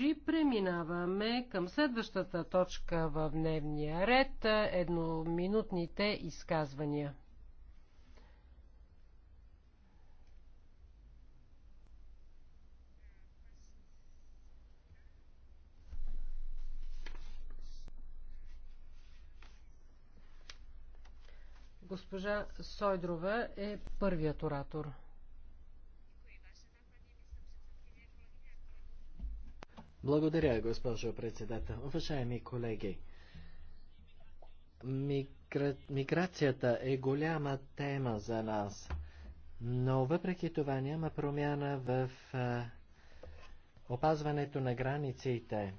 И преминаваме към следващата точка в дневния ред – едноминутните изказвания. Госпожа Сойдрова е първият оратор. Благодаря, госпожо председател. Уважаеми колеги, мигра... миграцията е голяма тема за нас, но въпреки това няма промяна в а, опазването на границите.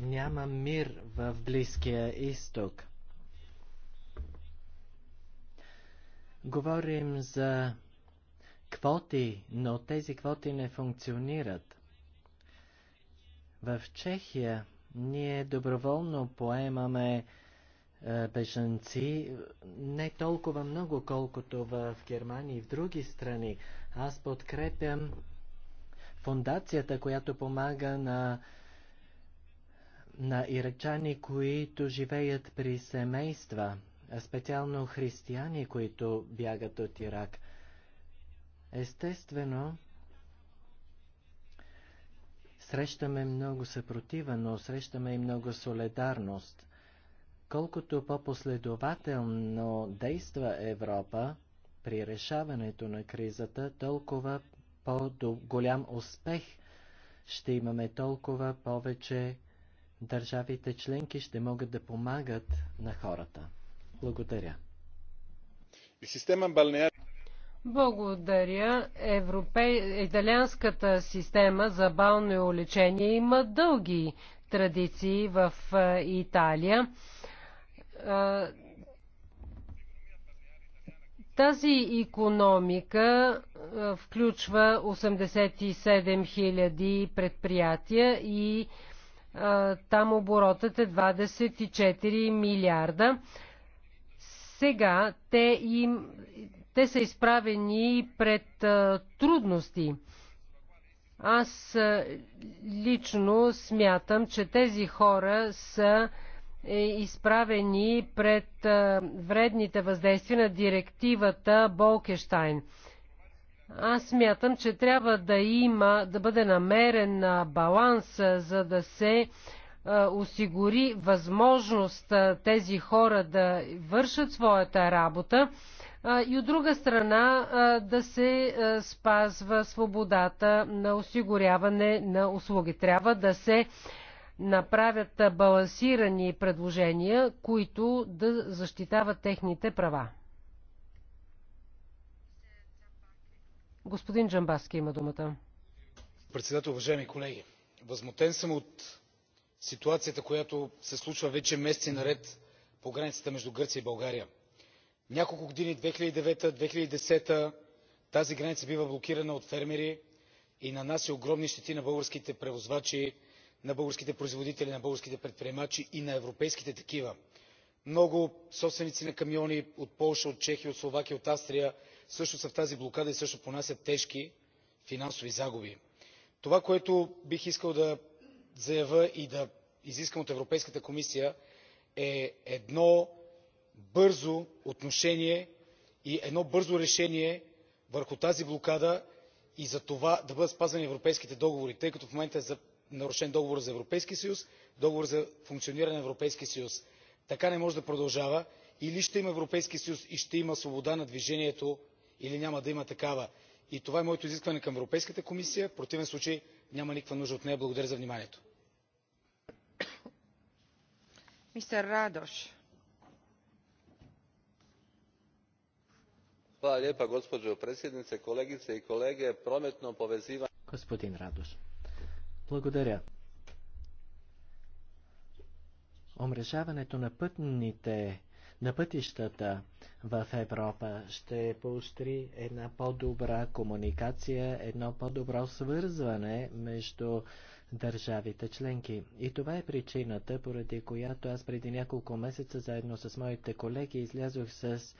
Няма мир в Близкия изток. Говорим за квоти, но тези квоти не функционират. В Чехия ние доброволно поемаме е, бежанци не толкова много, колкото в Германия и в други страни. Аз подкрепям фундацията, която помага на, на иракчани, които живеят при семейства, специално християни, които бягат от Ирак. Естествено, Срещаме много съпротива, но срещаме и много солидарност. Колкото по-последователно действа Европа при решаването на кризата, толкова по-голям успех ще имаме, толкова повече държавите членки ще могат да помагат на хората. Благодаря. Благодаря. Европе... Италианската система за бално лечение има дълги традиции в Италия. Тази економика включва 87 000 предприятия и там оборотът е 24 милиарда. Сега те им те са изправени пред трудности. Аз лично смятам, че тези хора са е, изправени пред вредните въздействия на директивата Болкештайн. Аз смятам, че трябва да има, да бъде намерен баланс, за да се осигури възможност тези хора да вършат своята работа и от друга страна да се спазва свободата на осигуряване на услуги. Трябва да се направят балансирани предложения, които да защитават техните права. Господин Джамбаски има думата. Председател, уважаеми колеги, възмутен съм от ситуацията, която се случва вече месеци наред по границата между Гърция и България няколко години 2009-2010, тази граница бива блокирана от фермери и нанася огромни щети на българските превозвачи на българските производители на българските предприемачи и на европейските такива. много собственици на камиони от полша от чехия от словакия от австрия също са в тази блокада и също понасят тежки финансови загуби. това което бих искал да заявя и да изискам от европейската комисия е едно бързо отношение и едно бързо решение върху тази блокада и за това да бъдат спазени европейските договори тъй като в момента е нарушен договорът за европейския съюз договорът за функциониране на европейския съюз. така не може да продължава или ще има европейски съюз и ще има свобода на движението или няма да има такава. и това е моето изискване към европейската комисия. в противен случай няма никаква нужда от нея. благодаря за вниманието. gospođo predsjednice kolegice i kolege prometno povezivanje. господин радош благодаря. Омрежаването на пътните на пътищата в Европа ще поощри една по-добра комуникация, едно по-добро свързване между държавите членки. И това е причината, поради която аз преди няколко месеца заедно с моите колеги излязох с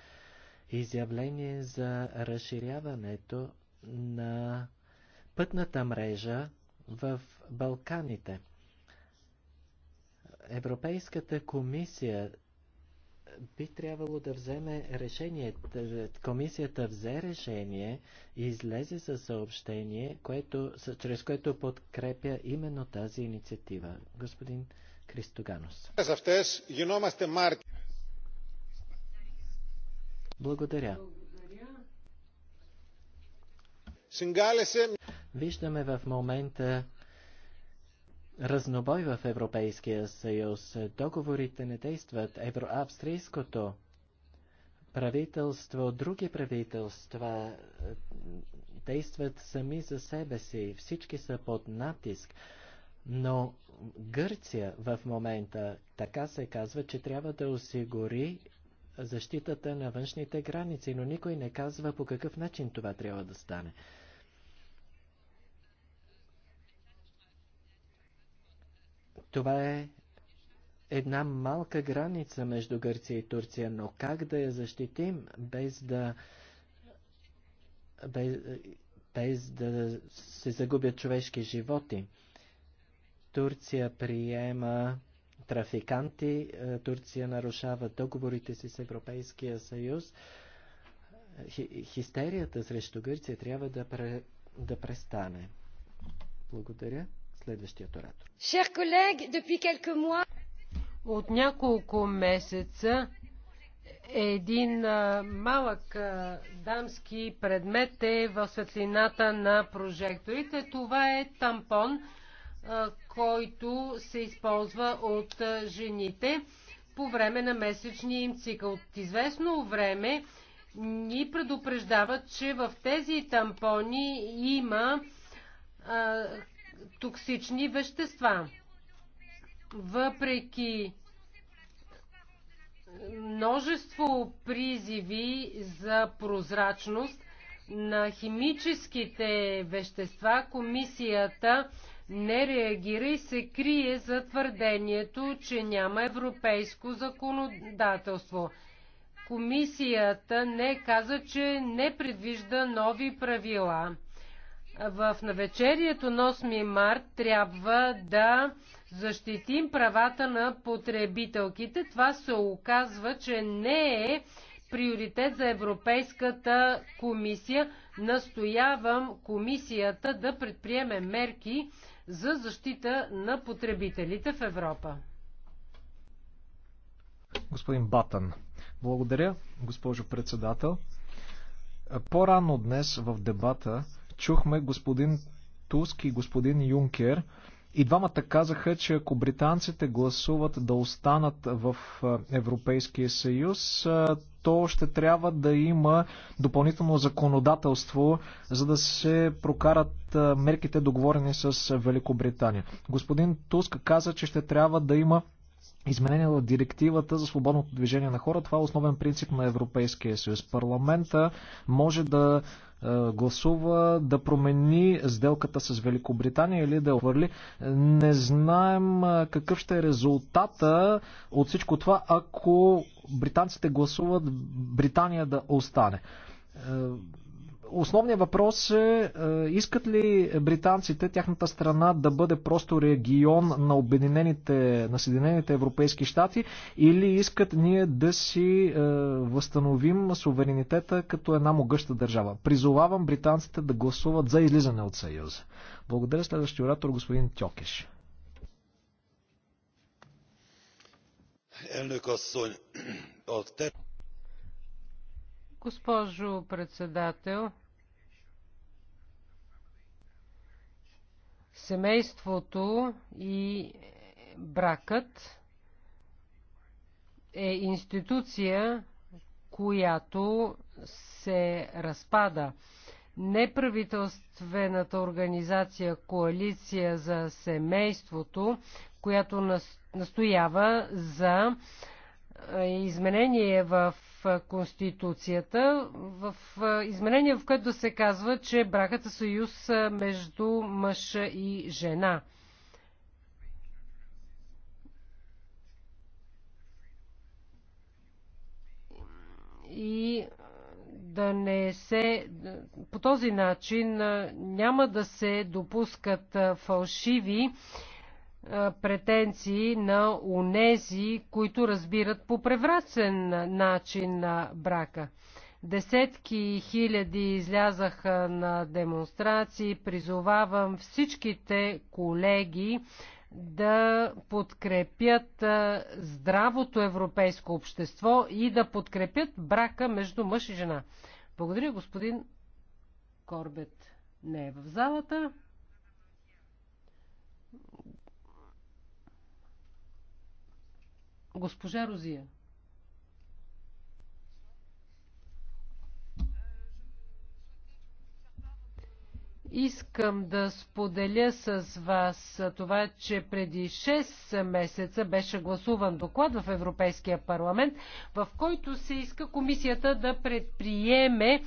изявление за разширяването на пътната мрежа в Балканите. Европейската комисия би трябвало да вземе решение. Комисията взе решение и излезе със съобщение, което, чрез което подкрепя именно тази инициатива. Господин Кристоганос. Благодаря. Виждаме в момента разнобой в Европейския съюз. Договорите не действат. Евроавстрийското правителство, други правителства е, действат сами за себе си. Всички са под натиск. Но Гърция в момента, така се казва, че трябва да осигури защитата на външните граници, но никой не казва по какъв начин това трябва да стане. Това е една малка граница между Гърция и Турция, но как да я защитим без да без, без да се загубят човешки животи? Турция приема трафиканти. Е, Турция нарушава договорите си с Европейския съюз. Хистерията срещу Гърция трябва да, пре, да престане. Благодаря. Следващият оратор. Шер колег, depuis quelques mois... От няколко месеца един е, малък е, дамски предмет е в светлината на прожекторите. Това е тампон, който се използва от жените по време на месечния им цикъл. От известно време ни предупреждават, че в тези тампони има а, токсични вещества. Въпреки множество призиви за прозрачност, на химическите вещества, комисията не реагира и се крие за твърдението, че няма европейско законодателство. Комисията не каза, че не предвижда нови правила. В навечерието на 8 март трябва да защитим правата на потребителките. Това се оказва, че не е приоритет за Европейската комисия. Настоявам комисията да предприеме мерки за защита на потребителите в Европа. Господин Батън, благодаря, госпожо председател. По-рано днес в дебата чухме господин Туск и господин Юнкер и двамата казаха, че ако британците гласуват да останат в Европейския съюз, то ще трябва да има допълнително законодателство, за да се прокарат мерките договорени с Великобритания. Господин Туск каза, че ще трябва да има изменение на директивата за свободното движение на хора. Това е основен принцип на Европейския съюз. Парламента може да е, гласува да промени сделката с Великобритания или да я отвърли. Не знаем е, какъв ще е резултата от всичко това, ако британците гласуват Британия да остане. Е, Основният въпрос е, е, искат ли британците, тяхната страна да бъде просто регион на Обединените, на Съединените Европейски щати или искат ние да си е, възстановим суверенитета като една могъща държава. Призовавам британците да гласуват за излизане от Съюза. Благодаря следващия оратор господин Тьокеш. Елнök от a Госпожо председател, семейството и бракът е институция, която се разпада. Неправителствената организация Коалиция за семейството, която настоява за изменение в Конституцията, в изменение, в което се казва, че бракът е съюз между мъж и жена. И да не се. По този начин няма да се допускат фалшиви претенции на унези, които разбират по превратен начин на брака. Десетки хиляди излязаха на демонстрации. Призовавам всичките колеги да подкрепят здравото европейско общество и да подкрепят брака между мъж и жена. Благодаря, господин Корбет не е в залата. Госпожа Розия. Искам да споделя с вас това, че преди 6 месеца беше гласуван доклад в Европейския парламент, в който се иска комисията да предприеме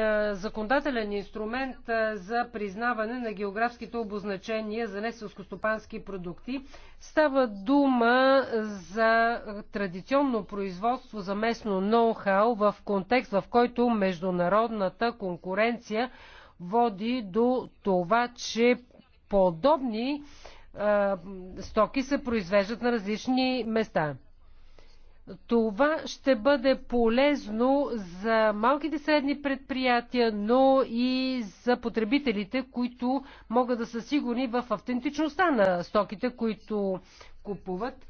е, законодателен инструмент е, за признаване на географските обозначения за неселскостопански продукти. Става дума за традиционно производство, за местно ноу-хау в контекст, в който международната конкуренция води до това, че подобни е, стоки се произвеждат на различни места. Това ще бъде полезно за малките средни предприятия, но и за потребителите, които могат да са сигурни в автентичността на стоките, които купуват.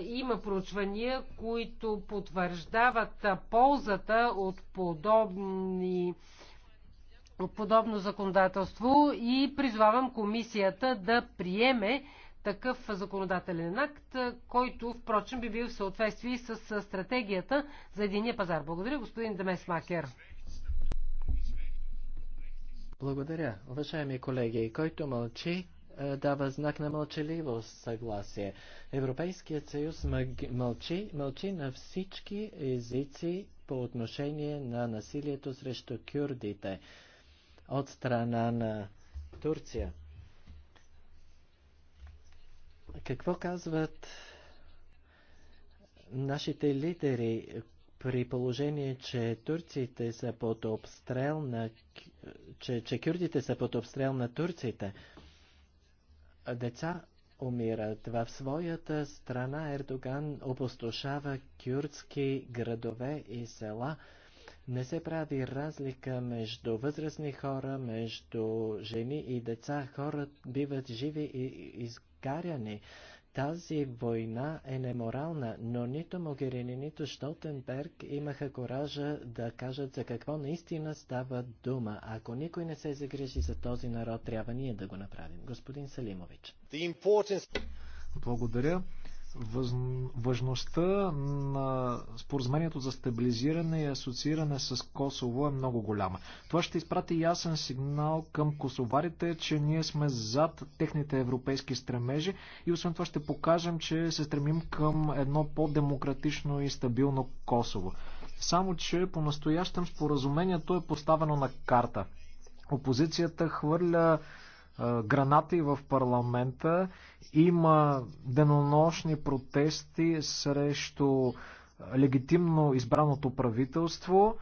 Има проучвания, които потвърждават ползата от подобни от подобно законодателство и призвавам комисията да приеме такъв законодателен акт, който, впрочем, би бил в съответствие с стратегията за единия пазар. Благодаря, господин Демес Макер. Благодаря. Уважаеми колеги, който мълчи, е, дава знак на мълчаливо съгласие. Европейският съюз мълчи, мълчи на всички езици по отношение на насилието срещу кюрдите от страна на Турция. Какво казват нашите лидери при положение, че турците са под обстрел на... че, че кюрдите са под обстрел на турците? Деца умират. В своята страна Ердоган опустошава кюрдски градове и села – не се прави разлика между възрастни хора, между жени и деца. Хора биват живи и изгаряни. Тази война е неморална, но нито Могерини, нито Штолтенберг имаха коража да кажат за какво наистина става дума. Ако никой не се загрижи за този народ, трябва ние да го направим. Господин Салимович. Благодаря. Важността на споразумението за стабилизиране и асоцииране с Косово е много голяма. Това ще изпрати ясен сигнал към косоварите, че ние сме зад техните европейски стремежи и освен това ще покажем, че се стремим към едно по-демократично и стабилно Косово. Само, че по-настоящем споразумението е поставено на карта. Опозицията хвърля гранати в парламента. Има денонощни протести срещу легитимно избраното правителство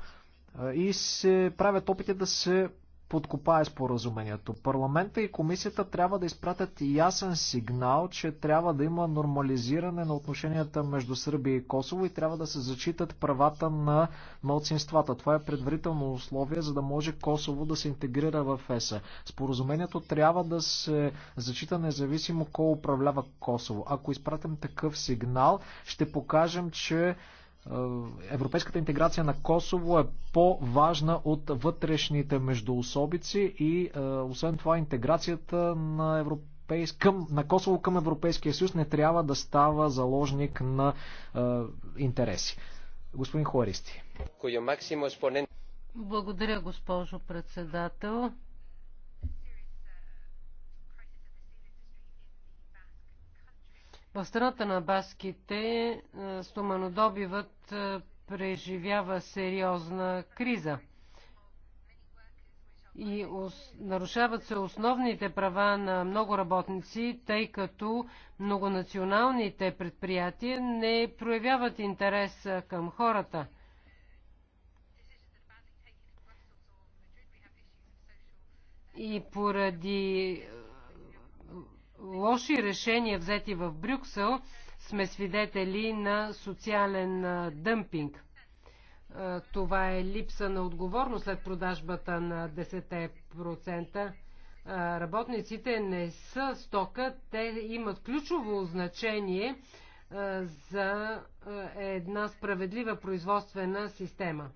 и се правят опити да се подкопае споразумението. Парламента и комисията трябва да изпратят ясен сигнал, че трябва да има нормализиране на отношенията между Сърбия и Косово и трябва да се зачитат правата на малцинствата. Това е предварително условие, за да може Косово да се интегрира в ЕСА. Споразумението трябва да се зачита независимо кой управлява Косово. Ако изпратим такъв сигнал, ще покажем, че е, европейската интеграция на Косово е по-важна от вътрешните междуособици и е, освен това интеграцията на европейската към, на Косово към Европейския съюз не трябва да става заложник на е, интереси. Господин Хуаристи. Благодаря, госпожо председател. В страната на баските е, стоманодобивът е, преживява сериозна криза и нарушават се основните права на много работници, тъй като многонационалните предприятия не проявяват интерес е, към хората. И поради лоши решения, взети в Брюксел, сме свидетели на социален дъмпинг. Това е липса на отговорност след продажбата на 10%. Работниците не са стока, те имат ключово значение за една справедлива производствена система.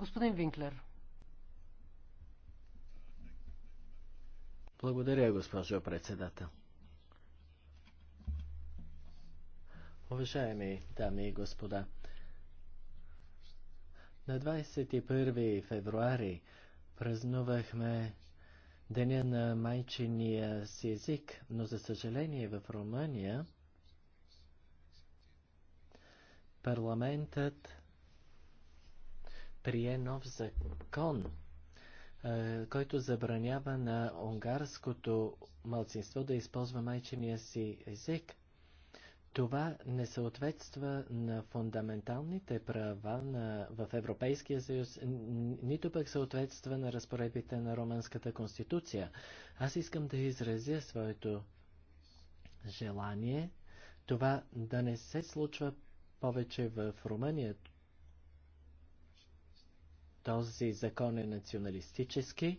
Господин Винклер. Благодаря, госпожо председател. Уважаеми дами и господа, на 21 февруари празнувахме Деня на майчиния си език, но за съжаление в Румъния парламентът прие нов закон, е, който забранява на унгарското мълцинство да използва майчиния си език. Това не съответства на фундаменталните права на, в Европейския съюз, нито пък съответства на разпоредбите на Романската конституция. Аз искам да изразя своето желание това да не се случва повече в Румъния. Този закон е националистически.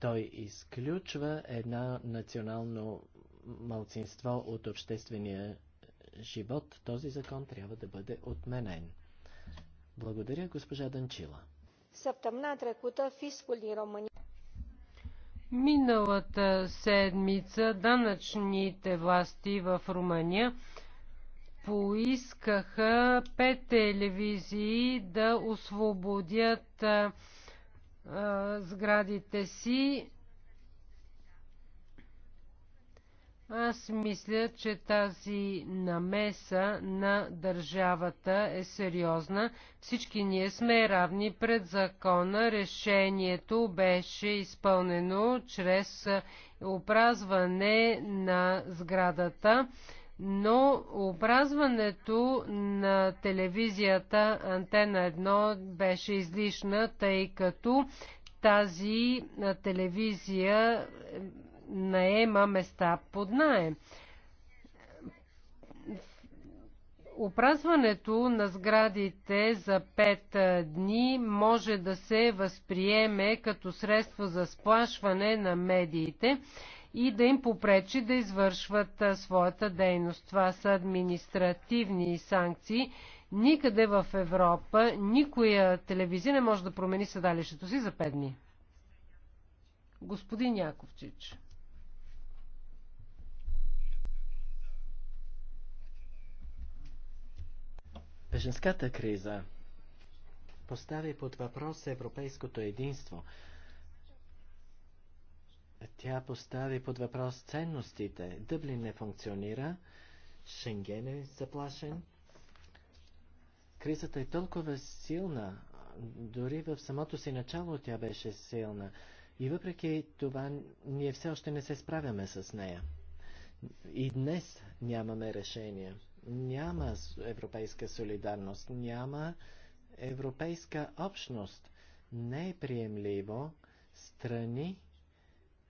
Той изключва една национално малцинство от обществения живот. Този закон трябва да бъде отменен. Благодаря, госпожа Данчила. Миналата седмица данъчните власти в Румъния поискаха пет телевизии да освободят а, а, сградите си. Аз мисля, че тази намеса на държавата е сериозна. Всички ние сме равни пред закона. Решението беше изпълнено чрез опразване на сградата но образването на телевизията Антена 1 беше излишна, тъй като тази телевизия наема места под наем. Опразването на сградите за 5 дни може да се възприеме като средство за сплашване на медиите и да им попречи да извършват своята дейност. Това са административни санкции. Никъде в Европа никоя телевизия не може да промени седалището си за 5 дни. Господин Яковчич. Беженската криза постави под въпрос европейското единство. Тя постави под въпрос ценностите. Дъблин не функционира, Шенген е заплашен. Кризата е толкова силна, дори в самото си начало тя беше силна. И въпреки това, ние все още не се справяме с нея. И днес нямаме решение. Няма европейска солидарност, няма европейска общност. Не е приемливо страни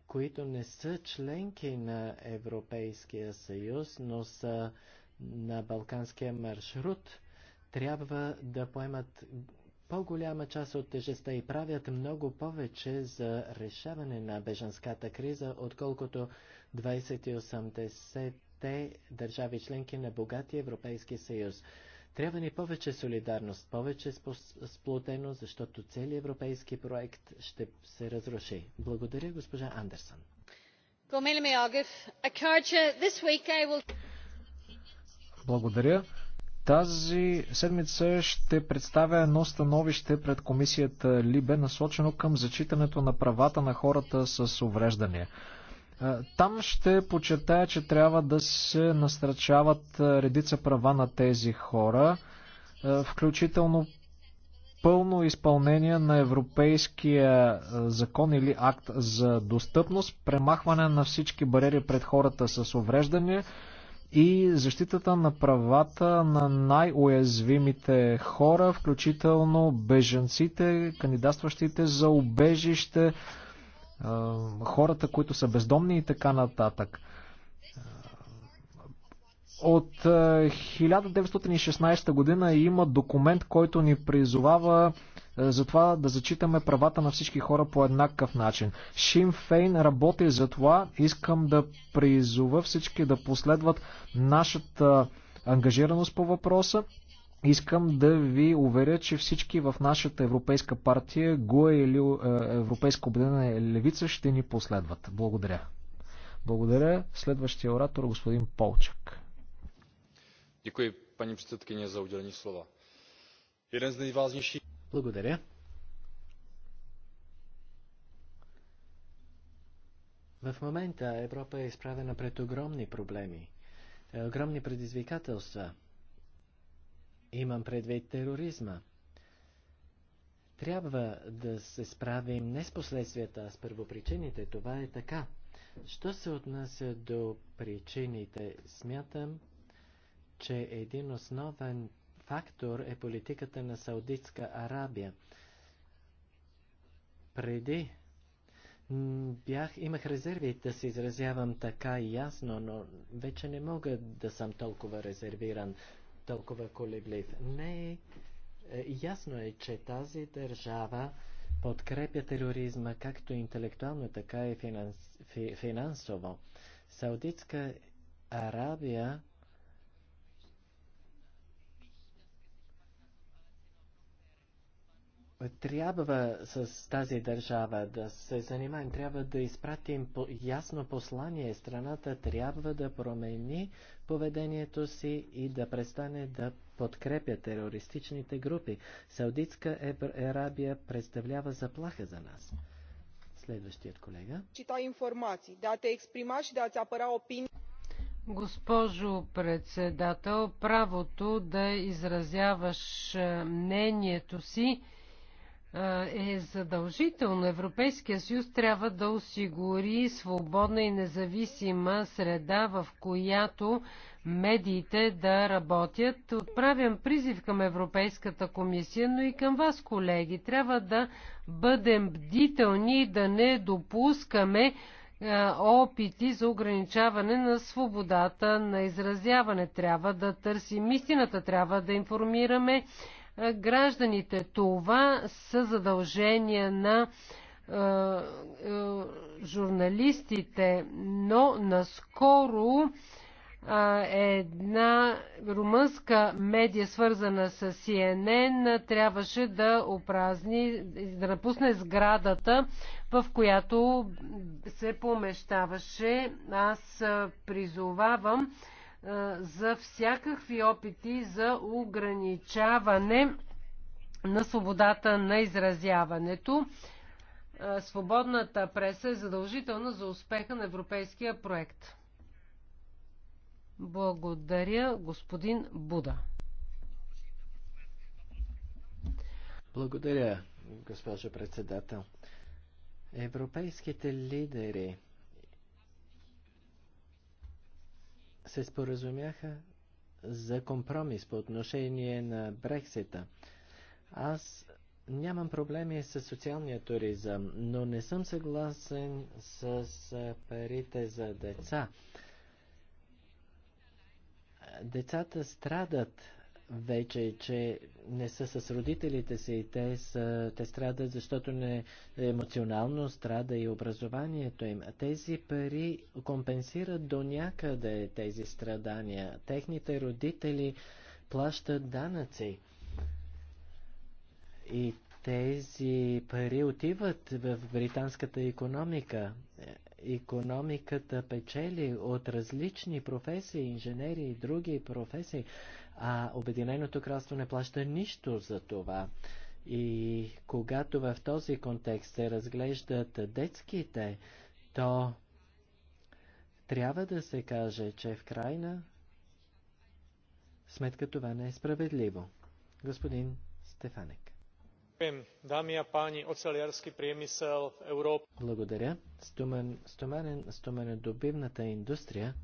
които не са членки на Европейския съюз, но са на Балканския маршрут, трябва да поемат по-голяма част от тежеста и правят много повече за решаване на бежанската криза, отколкото 28-те държави членки на богатия Европейски съюз. Трябва ни повече солидарност, повече сплотено, защото целият европейски проект ще се разруши. Благодаря, госпожа Андерсън. Благодаря. Тази седмица ще представя едно становище пред комисията Либе, насочено към зачитането на правата на хората с увреждания. Е, там ще почетая, че трябва да се настрачават е, редица права на тези хора, е, включително пълно изпълнение на европейския закон или акт за достъпност, премахване на всички бариери пред хората с увреждане и защитата на правата на най-уязвимите хора, включително беженците, кандидатстващите за убежище, хората, които са бездомни и така нататък. От 1916 година има документ, който ни призовава за това да зачитаме правата на всички хора по еднакъв начин. Шим Фейн работи за това. Искам да призова всички да последват нашата ангажираност по въпроса. Искам да ви уверя, че всички в нашата Европейска партия, ГУЕ или е, Европейска обединена левица ще ни последват. Благодаря. Благодаря. Следващия оратор господин Полчак. пани paní за отделени слова. Един Jeden най nejvážnějších... Благодаря. В момента Европа е изправена пред огромни проблеми, огромни предизвикателства – Имам предвид тероризма. Трябва да се справим не с последствията, а с първопричините. Това е така. Що се отнася до причините, смятам, че един основен фактор е политиката на Саудитска Арабия. Преди бях, имах резерви да се изразявам така и ясно, но вече не мога да съм толкова резервиран толкова колеблив. Не, е, ясно е, че тази държава подкрепя тероризма както интелектуално, така и финансово. Саудитска Арабия Трябва с тази държава да се занимаем, трябва да изпратим по ясно послание. Страната трябва да промени поведението си и да престане да подкрепя терористичните групи. Саудитска Арабия представлява заплаха за нас. Следващият колега. Чита информации, да те експримаш, да те апара опини. Госпожо председател, правото да изразяваш е, мнението си е задължително. Европейския съюз трябва да осигури свободна и независима среда, в която медиите да работят. Отправям призив към Европейската комисия, но и към вас, колеги. Трябва да бъдем бдителни и да не допускаме опити за ограничаване на свободата на изразяване. Трябва да търсим истината, трябва да информираме е, гражданите. Това са задължения на е, е, журналистите, но наскоро една румънска медия, свързана с CNN, трябваше да опразни, да напусне сградата, в която се помещаваше. Аз призовавам за всякакви опити за ограничаване на свободата на изразяването. Свободната преса е задължителна за успеха на европейския проект. Благодаря, господин Буда. Благодаря, госпожо председател. Европейските лидери се споразумяха за компромис по отношение на Брексита. Аз нямам проблеми с социалния туризъм, но не съм съгласен с парите за деца. Децата страдат вече, че не са с родителите си и те, са, те страдат, защото не емоционално страда и образованието им. Тези пари компенсират до някъде тези страдания. Техните родители плащат данъци. И тези пари отиват в британската економика економиката печели от различни професии, инженери и други професии, а Обединеното кралство не плаща нищо за това. И когато в този контекст се разглеждат детските, то трябва да се каже, че в крайна сметка това не е справедливо. Господин Стефанек. Благодаря. Стоман, стоманен, индустрия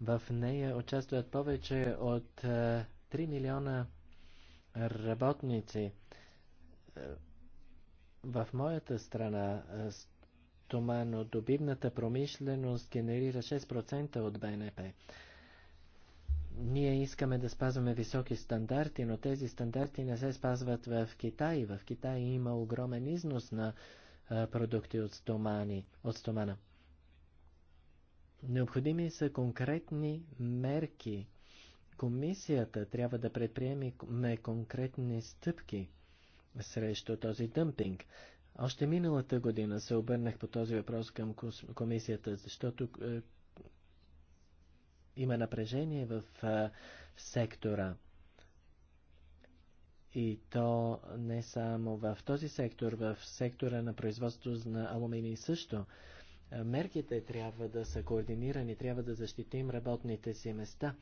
в нея участват повече от 3 е, милиона работници. Е, в моята страна е, стоманодобивната промишленост генерира 6% от БНП. Ние искаме да спазваме високи стандарти, но тези стандарти не се спазват в Китай. В Китай има огромен износ на продукти от, стомани, от стомана. Необходими са конкретни мерки. Комисията трябва да предприеме конкретни стъпки срещу този дъмпинг. Още миналата година се обърнах по този въпрос към комисията, защото е, има напрежение в сектора. И то не само в този сектор, в сектора на производство на алуминий също. Мерките трябва да са координирани, трябва да защитим работните си места.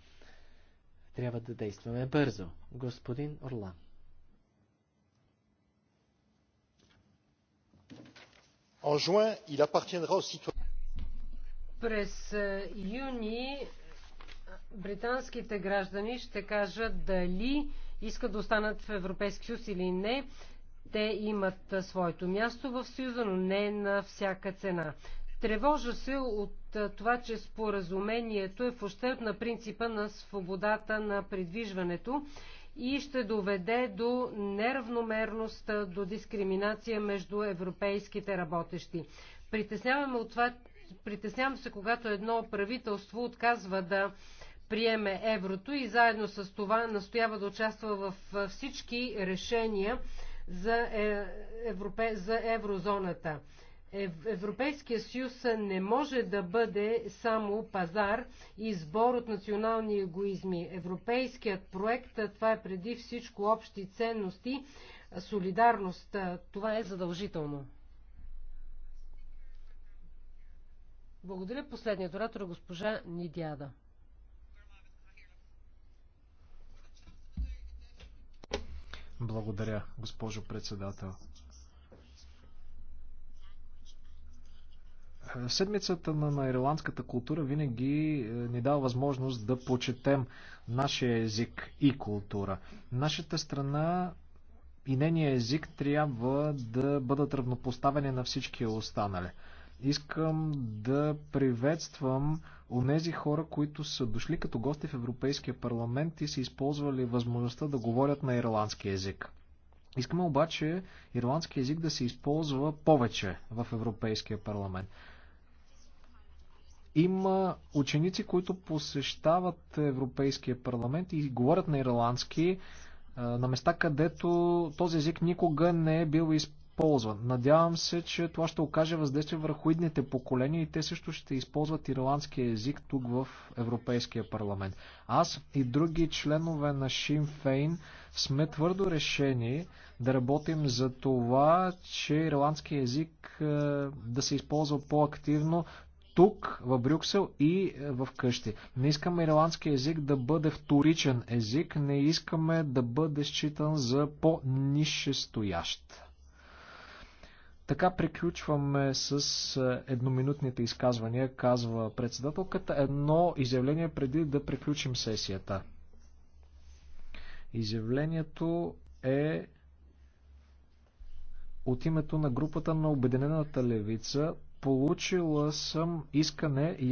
Трябва да действаме бързо. Господин Орлан. През юни британските граждани ще кажат дали искат да останат в Европейски съюз или не. Те имат своето място в Съюза, но не на всяка цена. Тревожа се от това, че споразумението е в ущърп на принципа на свободата на придвижването и ще доведе до неравномерност, до дискриминация между европейските работещи. Притесняваме от това, притеснявам се, когато едно правителство отказва да приеме еврото и заедно с това настоява да участва в всички решения за, е, европе, за еврозоната. Европейския съюз не може да бъде само пазар и сбор от национални егоизми. Европейският проект това е преди всичко общи ценности, солидарност. Това е задължително. Благодаря. Последният оратор е госпожа Нидяда. Благодаря, госпожо председател. Седмицата на, ирландската култура винаги е, ни дава възможност да почетем нашия език и култура. Нашата страна и нейния език трябва да бъдат равнопоставени на всички останали. Искам да приветствам онези хора, които са дошли като гости в Европейския парламент и са използвали възможността да говорят на ирландски язик. Искаме обаче ирландски язик да се използва повече в Европейския парламент. Има ученици, които посещават Европейския парламент и говорят на ирландски на места, където този език никога не е бил използван ползва. Надявам се, че това ще окаже въздействие върху идните поколения и те също ще използват ирландския език тук в Европейския парламент. Аз и други членове на Шим Фейн сме твърдо решени да работим за това, че ирландския език е, да се използва по-активно тук, в Брюксел и е, в къщи. Не искаме ирландски език да бъде вторичен език, не искаме да бъде считан за по-нишестоящ. Така приключваме с е, едноминутните изказвания, казва председателката. Едно изявление преди да приключим сесията. Изявлението е от името на групата на Обединената левица. Получила съм искане